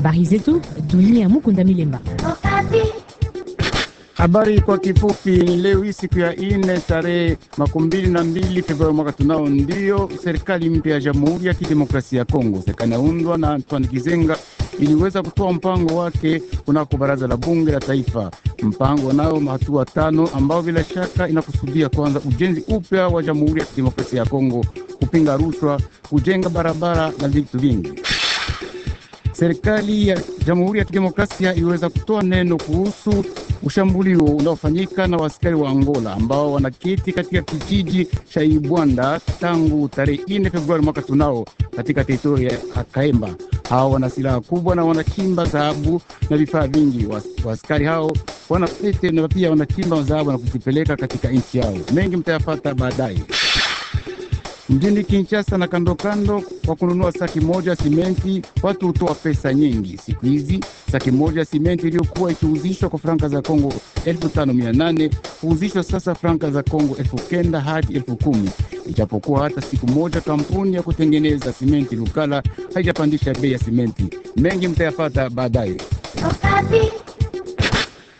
Habari zetu dunia, Mukunda Milemba. Habari kwa kifupi. Leo hii siku ya ine tarehe makumi mbili na mbili Februari mwaka tunao, ndio serikali mpya ya Jamhuri ya Kidemokrasia ya Kongo, serikali inaundwa na Antoine kizenga iliweza kutoa mpango wake kunako baraza la bunge la taifa. Mpango nao hatua tano ambao bila shaka inakusudia kwanza ujenzi upya wa Jamhuri ya Kidemokrasia ya Kongo, kupinga rushwa, kujenga barabara na vitu vingi serikali ya Jamhuri ya Kidemokrasia iweza kutoa neno kuhusu ushambulio unaofanyika na wasikari wa Angola ambao wanaketi katika kijiji cha Ibwanda tangu tarehe 4 Februari mwaka tunao katika teritori ya Kakaemba. Hao wana silaha kubwa na wanachimba dhahabu na vifaa vingi. Wasikari hao wanapete na pia wanachimba dhahabu na kuzipeleka katika nchi yao. Mengi mtayapata baadaye mjini Kinshasa na kandokando kwa kununua saki moja simenti. Watu hutoa pesa nyingi siku hizi. Saki moja simenti iliyokuwa ikiuzishwa kwa franka za Kongo elfu huuzishwa sasa franka za Kongo elfu hadi elfu kumi ijapokuwa hata siku moja kampuni ya kutengeneza simenti Lukala haijapandisha bei ya simenti. Mengi mtayafata baadaye.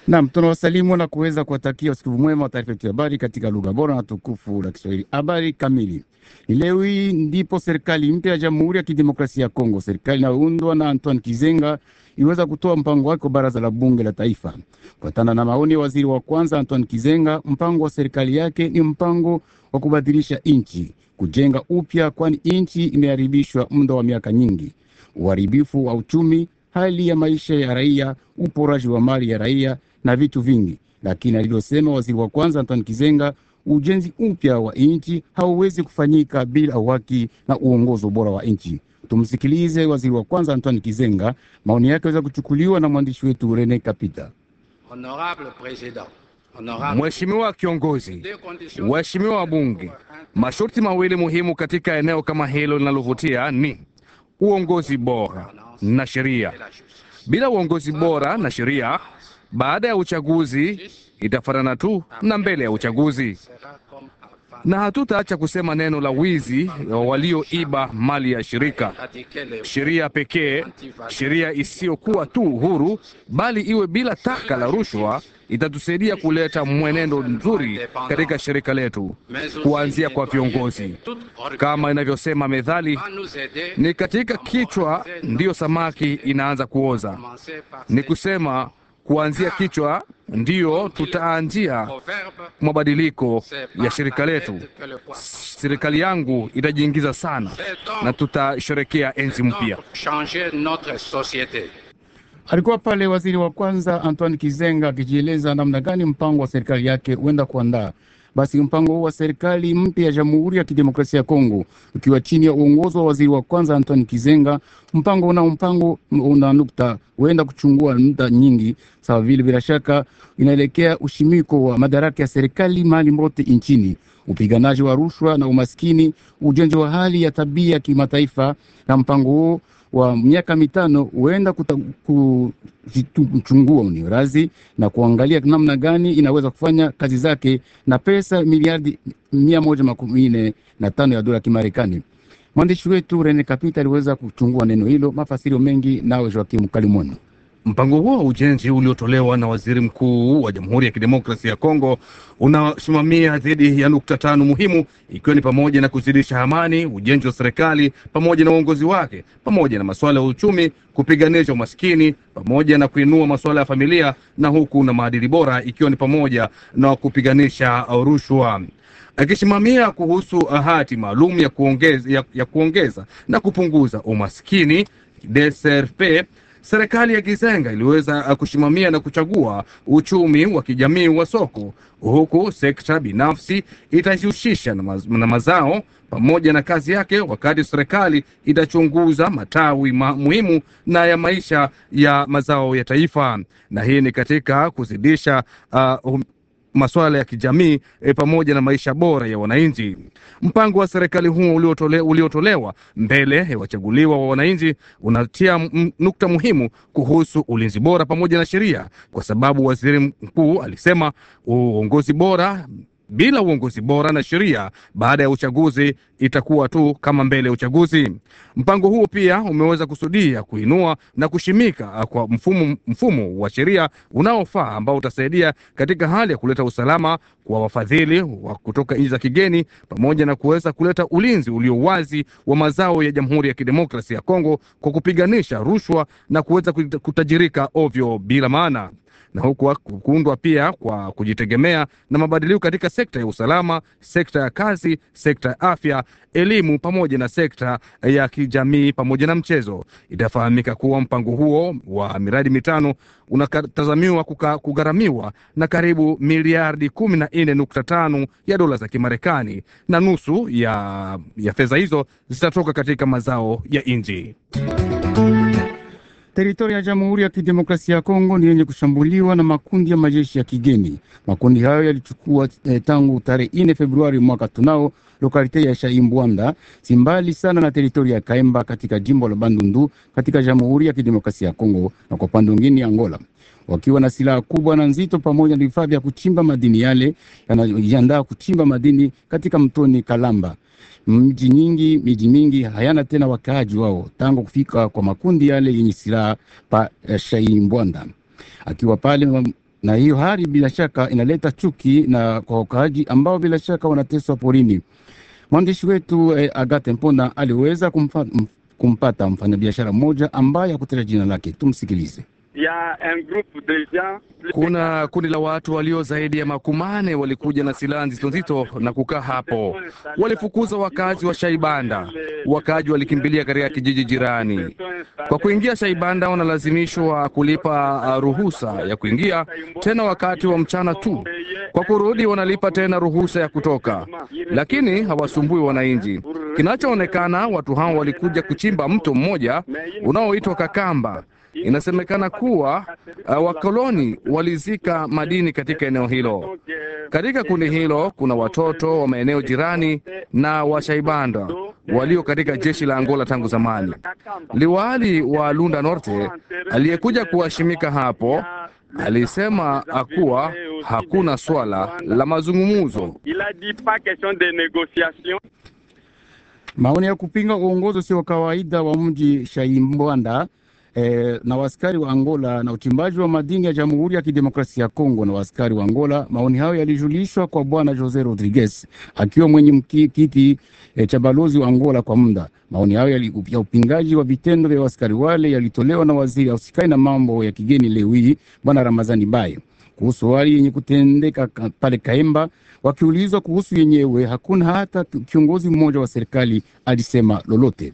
Naam, tunawasalimu na kuweza kuwatakia usiku mwema wa taarifa yetu ya habari katika lugha bora na tukufu la Kiswahili. Habari kamili leo hii ndipo serikali mpya ya Jamhuri ya Kidemokrasia ya Kongo, serikali inayoundwa na Antoine Kizenga, iweza kutoa mpango wake kwa baraza la bunge la taifa. Kufuatana na maoni ya waziri wa kwanza Antoine Kizenga, mpango wa serikali yake ni mpango wa kubadilisha nchi, kujenga upya, kwani nchi imeharibishwa muda wa miaka nyingi, uharibifu wa uchumi, hali ya maisha ya raia, uporaji wa mali ya raia na vitu vingi, lakini alilosema waziri wa kwanza Antoine Kizenga, ujenzi upya wa nchi hauwezi kufanyika bila uhaki na uongozo bora wa nchi. Tumsikilize waziri wa kwanza Antoine Kizenga, maoni yake aweza kuchukuliwa na mwandishi wetu Rene Kapita. Honorable President Mheshimiwa kiongozi, waheshimiwa wabunge, masharti mawili muhimu katika eneo kama hilo linalovutia ni uongozi bora na sheria. Bila uongozi bora na sheria, baada ya uchaguzi itafanana tu na mbele ya uchaguzi, na hatutaacha kusema neno la wizi wa walioiba mali ya shirika. Sheria pekee, sheria isiyokuwa tu huru, bali iwe bila taka la rushwa, itatusaidia kuleta mwenendo mzuri katika shirika letu, kuanzia kwa viongozi. Kama inavyosema methali, ni katika kichwa ndiyo samaki inaanza kuoza. Ni kusema kuanzia kichwa ndiyo tutaanzia mabadiliko ya shirika letu. Serikali yangu itajiingiza sana na tutasherekea enzi mpya. Alikuwa pale waziri wa kwanza Antoine Kizenga akijieleza namna gani mpango wa serikali yake huenda kuandaa basi mpango huu wa serikali mpya ya Jamhuri ya Kidemokrasia ya Kongo ukiwa chini ya uongozi wa waziri wa kwanza antoni Kizenga, mpango una mpango una nukta huenda kuchungua nukta nyingi sawa vile, bila shaka inaelekea ushimiko wa madaraka ya serikali mahali mote nchini, upiganaji wa rushwa na umaskini, ujenzi wa hali ya tabia ya kimataifa na mpango huo wa miaka mitano huenda kuchungua uniorazi na kuangalia namna gani inaweza kufanya kazi zake na pesa miliardi mia moja makumi nne na tano ya dola ya Kimarekani. Mwandishi wetu Rene Kapita aliweza kuchungua neno hilo, mafasirio mengi nawe Joakimu Kalimoni. Mpango huo wa ujenzi uliotolewa na waziri mkuu wa Jamhuri ya Kidemokrasia ya Kongo unasimamia dhidi ya nukta tano muhimu, ikiwa ni pamoja na kuzidisha amani, ujenzi wa serikali pamoja na uongozi wake, pamoja na masuala ya uchumi, kupiganisha umaskini, pamoja na kuinua masuala ya familia na huku na maadili bora, ikiwa ni pamoja na kupiganisha rushwa akisimamia kuhusu hati maalum ya kuongeza, ya, ya kuongeza na kupunguza umaskini DSRP serikali ya Gizenga iliweza uh, kusimamia na kuchagua uchumi wa kijamii wa soko, huku sekta binafsi itajihusisha na mazao pamoja na kazi yake, wakati serikali itachunguza matawi ma muhimu na ya maisha ya mazao ya taifa, na hii ni katika kuzidisha uh, um, masuala ya kijamii e, pamoja na maisha bora ya wananchi. Mpango wa serikali huo uliotole, uliotolewa mbele ya wachaguliwa wa wananchi unatia nukta muhimu kuhusu ulinzi bora pamoja na sheria, kwa sababu waziri mkuu alisema uongozi bora bila uongozi bora na sheria baada ya uchaguzi itakuwa tu kama mbele ya uchaguzi. Mpango huo pia umeweza kusudia kuinua na kushimika kwa mfumo, mfumo wa sheria unaofaa ambao utasaidia katika hali ya kuleta usalama kwa wafadhili wa kutoka nchi za kigeni pamoja na kuweza kuleta ulinzi ulio wazi wa mazao ya Jamhuri ya Kidemokrasia ya Kongo kwa kupiganisha rushwa na kuweza kutajirika ovyo bila maana na huku kuundwa pia kwa kujitegemea na mabadiliko katika sekta ya usalama, sekta ya kazi, sekta ya afya, elimu pamoja na sekta ya kijamii pamoja na mchezo. Itafahamika kuwa mpango huo wa miradi mitano unatazamiwa kugharamiwa na karibu miliardi kumi na nne nukta tano ya dola za Kimarekani na nusu ya, ya fedha hizo zitatoka katika mazao ya nchi. Teritoria ya Jamhuri ya Kidemokrasia ya Kongo ni yenye kushambuliwa na makundi ya majeshi ya kigeni. Makundi hayo yalichukua eh, tangu tarehe 4 Februari mwaka tunao lokalite ya Shaimbwanda si mbali sana na teritoria ya Kaemba katika jimbo la Bandundu katika Jamhuri ya Kidemokrasia ya Kongo na kwa upande mwingine Angola, wakiwa na silaha kubwa na nzito pamoja na vifaa vya kuchimba madini. Yale yanajiandaa kuchimba madini katika mtoni Kalamba mji nyingi miji mingi hayana tena wakaaji wao tangu kufika kwa makundi yale yenye silaha pa eh, shai mbwanda akiwa pale na hiyo hali bila shaka inaleta chuki na kwa wakaaji ambao bila shaka wanateswa porini. Mwandishi wetu eh, Agate Mpona aliweza kumpa, kumpata mfanyabiashara mmoja ambaye hakutaja jina lake. Tumsikilize ya kuna kundi la watu walio zaidi ya makumane walikuja na silaha nzito nzito na kukaa hapo. Walifukuza wakazi wa Shaibanda, wakaji walikimbilia katika kijiji jirani. Kwa kuingia Shaibanda wanalazimishwa kulipa uh, ruhusa ya kuingia tena wakati wa mchana tu, kwa kurudi wanalipa tena ruhusa ya kutoka, lakini hawasumbui wananchi. Kinachoonekana watu hao walikuja kuchimba mto mmoja unaoitwa Kakamba Inasemekana kuwa uh, wakoloni walizika madini katika eneo hilo. Katika kundi hilo kuna watoto wa maeneo jirani na washaibanda walio katika jeshi la Angola tangu zamani. Liwali wa Lunda Norte aliyekuja kuwashimika hapo alisema kuwa hakuna swala la mazungumzo. Maoni ya kupinga uongozi usio wa kawaida wa mji Shaimbwanda eh, na waskari wa Angola na uchimbaji wa madini ya Jamhuri ya Kidemokrasia ya Kongo na waskari wa Angola. Maoni hayo yalijulishwa kwa Bwana Jose Rodriguez akiwa mwenye kiti eh, cha balozi wa Angola kwa muda. Maoni hayo ya upingaji wa vitendo vya waskari wale yalitolewa na waziri ausikai na mambo ya kigeni leo hii Bwana Ramazani Baye kuhusu hali yenye kutendeka pale Kaemba. Wakiulizwa kuhusu yenyewe, hakuna hata kiongozi mmoja wa serikali alisema lolote.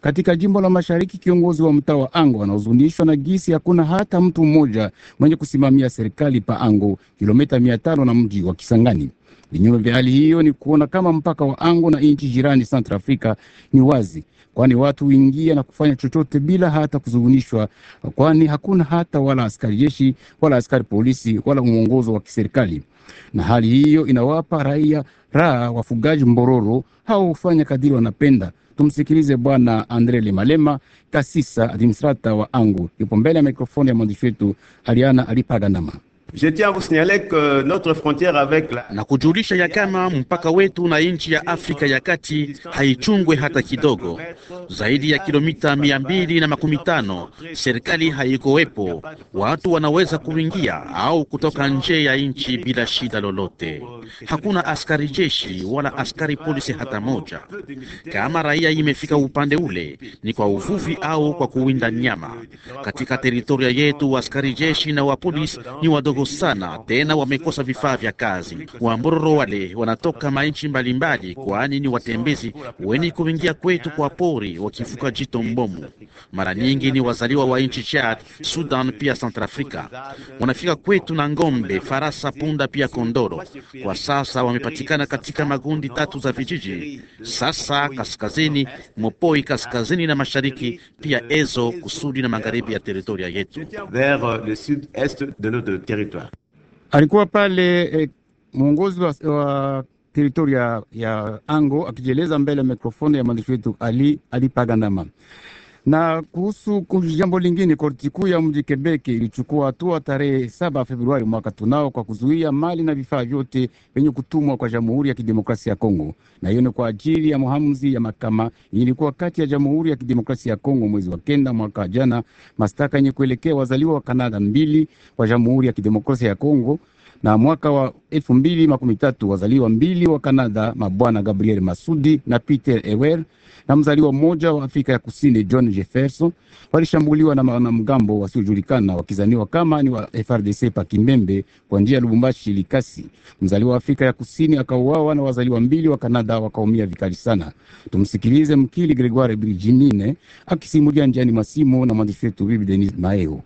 Katika jimbo la Mashariki, kiongozi wa mtaa wa Ango anahuzunishwa na gisi hakuna hata mtu mmoja mwenye kusimamia serikali pa Ango, kilomita mia tano na mji wa Kisangani. Vinyume vya hali hiyo ni kuona kama mpaka wa Ango na nchi jirani Central Africa ni wazi, kwani watu huingia na kufanya chochote bila hata kuzunishwa, kwani hakuna hata wala askari jeshi wala askari polisi wala mwongozo wa kiserikali, na hali hiyo inawapa raia raha wafugaji mbororo hao hufanya kadiri wanapenda Tumsikilize Bwana Andre Limalema, kasisa administrata wa Angu, yupo mbele ya mikrofoni ya mwandishi wetu Aliana alipaganama na kujulisha ya kama mpaka wetu na nchi ya Afrika ya Kati haichungwe hata kidogo. Zaidi ya kilomita mia mbili na makumi tano serikali haikowepo watu wanaweza kuingia au kutoka nje ya nchi bila shida lolote. Hakuna askari jeshi wala askari polisi hata moja. Kama raia imefika upande ule, ni kwa uvuvi au kwa kuwinda nyama. Katika teritoria yetu askari jeshi na wapolisi ni wadogo wadogo sana, tena wamekosa vifaa vya kazi. Wambororo wale wanatoka mainchi mbalimbali, kwani ni watembezi weni kuingia kwetu kwa pori wakivuka jito Mbomu. Mara nyingi ni wazaliwa wa nchi Chad, Sudan pia Santrafrika. Wanafika kwetu na ngombe, farasa, punda pia kondoro. Kwa sasa wamepatikana katika magundi tatu za vijiji, sasa kaskazini Mopoi, kaskazini na mashariki, pia Ezo kusudi na magharibi ya teritoria yetu. Euh, territoire. Alikuwa pale eh, mwongozi wa, wa teritoria ya Ango akijieleza mbele ya mikrofoni ya mwandishi wetu Ali Ali Pagandama. Na kuhusu jambo lingine, korti kuu ya mji Kebeke ilichukua hatua tarehe saba Februari mwaka tunao kwa kuzuia mali na vifaa vyote vyenye kutumwa kwa Jamhuri ya Kidemokrasia ya Kongo, na hiyo ni kwa ajili ya muhamuzi ya mahakama ilikuwa kati ya Jamhuri ya Kidemokrasia ya Kongo mwezi wa kenda mwaka jana, mashtaka yenye kuelekea wazaliwa wa Kanada mbili wa Jamhuri ya Kidemokrasia ya Kongo na mwaka wa elfu mbili makumi tatu wazaliwa mbili wa Kanada, mabwana Gabriel Masudi na Peter Ewer na mzaliwa mmoja wa Afrika ya Kusini John Jefferson walishambuliwa na wanamgambo wasiojulikana wakizaniwa kama ni wa FRDC pa Kimembe kwa njia ya Lubumbashi Likasi. Mzaliwa wa Afrika ya Kusini akauawa na wazaliwa mbili wa Kanada wakaumia vikali sana. Tumsikilize mkili Gregoire briginine akisimulia njiani simu na mwandishi wetu Bibi Denis Maeo.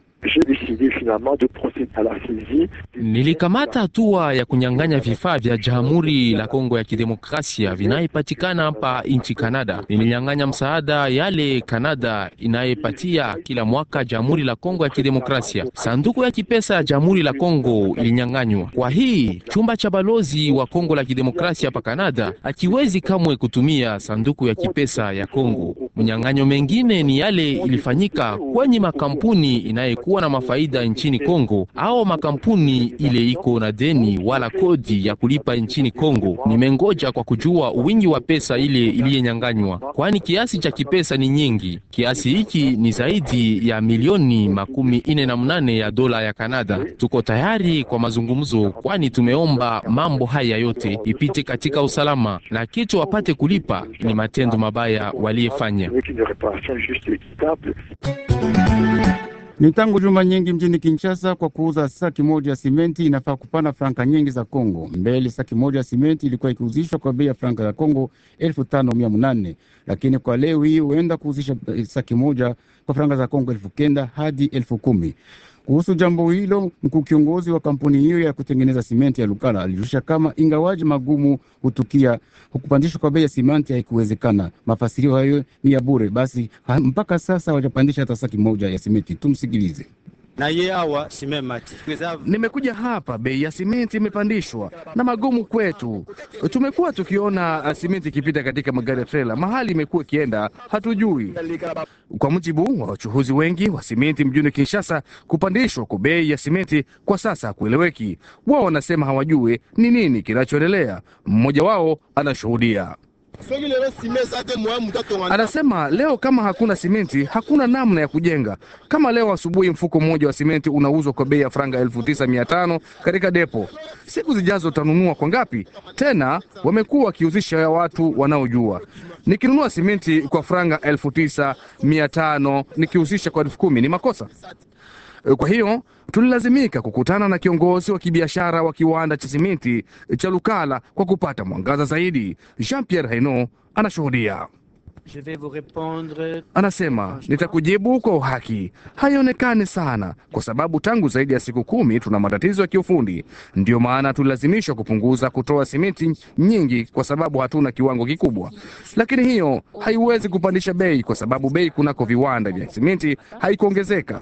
Nilikamata hatua ya kunyang'anya vifaa vya Jamhuri la Kongo ya Kidemokrasia vinayepatikana hapa nchi Kanada. Nilinyang'anya msaada yale Kanada inayepatia kila mwaka Jamhuri la Kongo ya Kidemokrasia. Sanduku ya kipesa ya Jamhuri la Kongo ilinyang'anywa. Kwa hii chumba cha balozi wa Kongo la Kidemokrasia hapa Kanada hakiwezi kamwe kutumia sanduku ya kipesa ya Kongo. Mnyang'anyo mengine ni yale ilifanyika kwenye makampuni inayekuwa na mafaida nchini Kongo au makampuni ile iko na deni wala kodi ya kulipa nchini Kongo. Nimengoja kwa kujua wingi wa pesa ile iliyenyanganywa, kwani kiasi cha kipesa ni nyingi. Kiasi hiki ni zaidi ya milioni makumi ine na mnane ya dola ya Kanada. Tuko tayari kwa mazungumzo, kwani tumeomba mambo haya yote ipite katika usalama na kitu wapate kulipa ni matendo mabaya waliyefanya. Ni tangu juma nyingi mjini Kinshasa, kwa kuuza saki moja ya simenti inafaa kupana franka nyingi za Kongo. Mbele saki moja ya simenti ilikuwa ikiuzishwa kwa bei ya franka za Kongo elfu tano mia munane lakini kwa leo hii huenda kuuzisha eh, saki moja kwa franka za Kongo elfu kenda hadi elfu kumi. Kuhusu jambo hilo, mkuu kiongozi wa kampuni hiyo ya kutengeneza simenti ya Lukala alijulisha kama ingawaji magumu hutukia, kupandishwa kwa bei ya simenti haikuwezekana. Mafasirio hayo ni ya bure, basi mpaka sasa hawajapandisha hata saki moja ya simenti. Tumsikilize na ye awa simemati. Nimekuja hapa, bei ya simenti imepandishwa na magumu kwetu. Tumekuwa tukiona ah, simenti ikipita katika magari ya trela, mahali imekuwa ikienda hatujui. Kwa mujibu wa wachuhuzi wengi wa simenti mjini Kinshasa, kupandishwa kwa bei ya simenti kwa sasa hakueleweki. Wao wanasema hawajui ni nini kinachoendelea. Mmoja wao anashuhudia. Anasema leo kama hakuna simenti hakuna namna ya kujenga. Kama leo asubuhi mfuko mmoja wa simenti unauzwa kwa bei ya franga elfu tisa mia tano katika depo, siku zijazo utanunua kwa ngapi? Tena wamekuwa wakiuzisha ya watu wanaojua. Nikinunua simenti kwa franga elfu tisa mia tano kwa elfu kumi ni makosa. Eh, kwa hiyo tulilazimika kukutana na kiongozi wa kibiashara wa kiwanda cha simiti eh, cha Lukala kwa kupata mwangaza zaidi. Jean Pierre Haino anashuhudia. Anasema, nitakujibu kwa uhaki. Haionekani sana, kwa sababu tangu zaidi ya siku kumi tuna matatizo ya kiufundi. Ndiyo maana tulilazimishwa kupunguza kutoa simiti nyingi, kwa sababu hatuna kiwango kikubwa, lakini hiyo haiwezi kupandisha bei, kwa sababu bei kunako viwanda vya simiti haikuongezeka.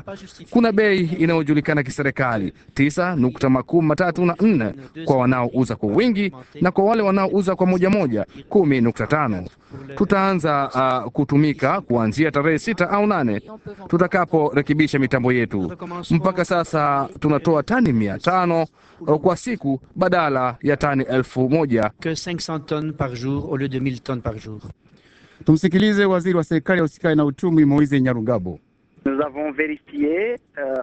Kuna bei inayojulikana kiserikali tisa nukta makumi matatu na nne kwa wanaouza kwa wingi, na kwa wale wanaouza kwa moja moja kumi nukta tano. Tutaanza uh, kutumika kuanzia tarehe sita au nane tutakaporekebisha mitambo yetu. Mpaka sasa tunatoa tani mia tano kwa siku badala ya tani elfu moja. Tumsikilize waziri wa serikali ya usikai na uchumi Moise Nyarugabo. Euh,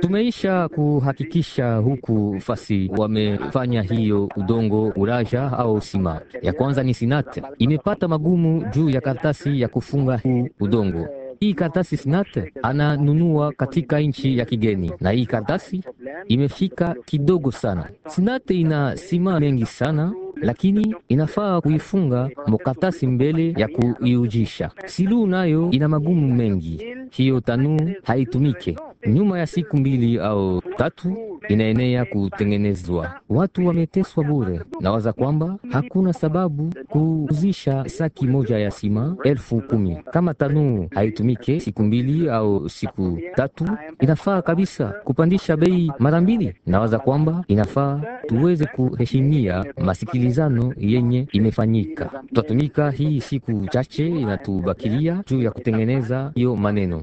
Tumeisha kuhakikisha huku fasi wamefanya hiyo udongo uraja au sima. Ya kwanza ni Sinate imepata magumu juu ya karatasi ya kufunga huu udongo. Hii karatasi Sinate ananunua katika nchi ya kigeni, na hii karatasi imefika kidogo sana. Sinate ina sima mengi sana lakini inafaa kuifunga mokatasi mbele ya kuiujisha. Silu nayo ina magumu mengi, hiyo tanu haitumike nyuma ya siku mbili au tatu inaenea kutengenezwa. Watu wameteswa bure. Nawaza kwamba hakuna sababu kuuzisha saki moja ya sima elfu kumi kama tanuu haitumike siku mbili au siku tatu, inafaa kabisa kupandisha bei mara mbili. Nawaza kwamba inafaa tuweze kuheshimia masikilizano yenye imefanyika. Tutatumika hii siku chache inatubakilia juu ya kutengeneza hiyo maneno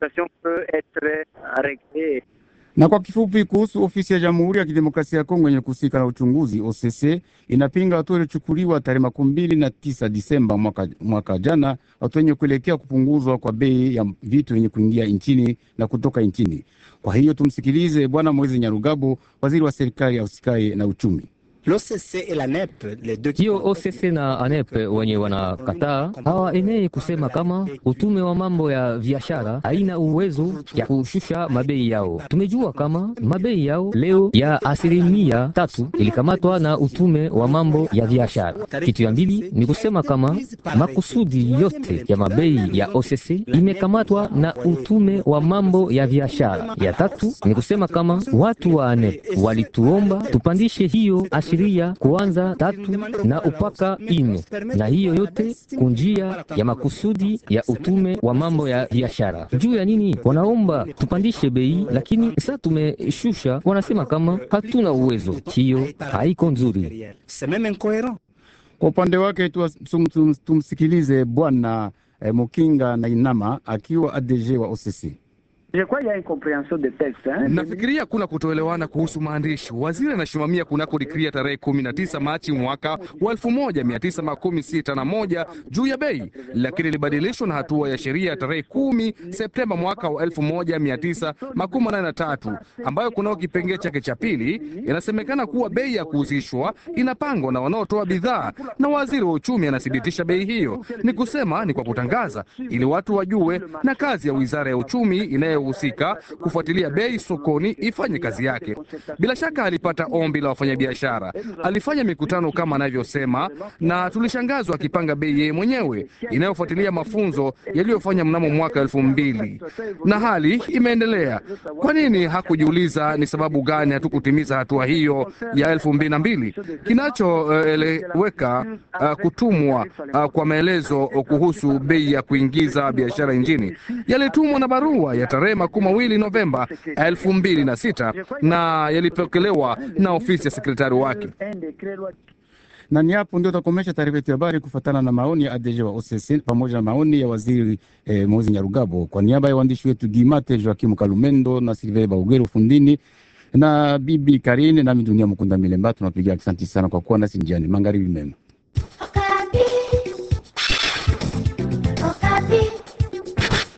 situation peut être réglée. Na kwa kifupi kuhusu ofisi ya Jamhuri ya Kidemokrasia ya Kongo yenye kuhusika na uchunguzi OCC inapinga hatua iliyochukuliwa tarehe makumi mbili na tisa Disemba mwaka, mwaka jana, hatua yenye kuelekea kupunguzwa kwa bei ya vitu yenye kuingia nchini na kutoka nchini. Kwa hiyo tumsikilize Bwana Mwezi Nyarugabo, waziri wa serikali ya usikai na uchumi. L'OCC la NEP, hiyo OCC na ANEP wenye wanakataa hawaenei kusema kama utume wa mambo ya biashara haina uwezo ya kushusha mabei yao. Tumejua kama mabei yao leo ya asilimia tatu ilikamatwa na utume wa mambo ya biashara. Kitu ya mbili ni kusema kama makusudi yote ya mabei ya OCC imekamatwa na utume wa mambo ya biashara. Ya tatu ni kusema kama watu wa ANEP walituomba tupandishe hiyo asilimia kufikiria kuanza tatu na upaka ine, na hiyo yote kunjia ya makusudi ya utume wa mambo ya biashara. Juu ya nini wanaomba tupandishe bei, lakini sasa tumeshusha, wanasema kama hatuna uwezo. Hiyo haiko nzuri. Kwa upande wake tumsikilize Bwana eh, Mukinga na Inama akiwa ADG wa OCC. Je, de texte hein? Nafikiria kuna kutoelewana kuhusu maandishi. Waziri anasimamia kunako dikria tarehe kumi na tisa Machi mwaka wa elfu moja mia tisa makumi sita na moja juu ya bei, lakini ilibadilishwa na hatua ya sheria ya tarehe kumi Septemba mwaka wa elfu moja mia tisa makumi manane na tatu ambayo kunao kipengee chake cha pili inasemekana kuwa bei ya kuhusishwa inapangwa na wanaotoa bidhaa, na waziri wa uchumi anathibitisha bei hiyo, ni kusema ni kwa kutangaza, ili watu wajue, na kazi ya wizara ya uchumi inayo inayohusika kufuatilia bei sokoni ifanye kazi yake. Bila shaka alipata ombi la wafanyabiashara, alifanya mikutano kama anavyosema, na tulishangazwa akipanga bei yeye mwenyewe inayofuatilia mafunzo yaliyofanya mnamo mwaka elfu mbili, na hali imeendelea. Kwa nini hakujiuliza ni sababu gani hatukutimiza hatua hiyo ya elfu mbili na mbili? Kinachoeleweka uh, kutumwa uh, kwa maelezo kuhusu bei ya kuingiza biashara nchini yalitumwa na barua ya tarehe tarehe makumi mawili Novemba elfu mbili na sita na yalipokelewa na ofisi ya sekretari wake na ni hapo ndio takomesha taarifa yetu ya habari kufuatana na maoni ya ADG wa OCC pamoja na maoni ya waziri eh, Mozi Nyarugabo. Kwa niaba ya waandishi wetu Gimate Joakimu Kalumendo na Silve Baugeri ufundini na Bibi Karine nami Dunia Mkunda Milemba, tunapiga asanti sana kwa kuwa nasi njiani. Magharibi mema.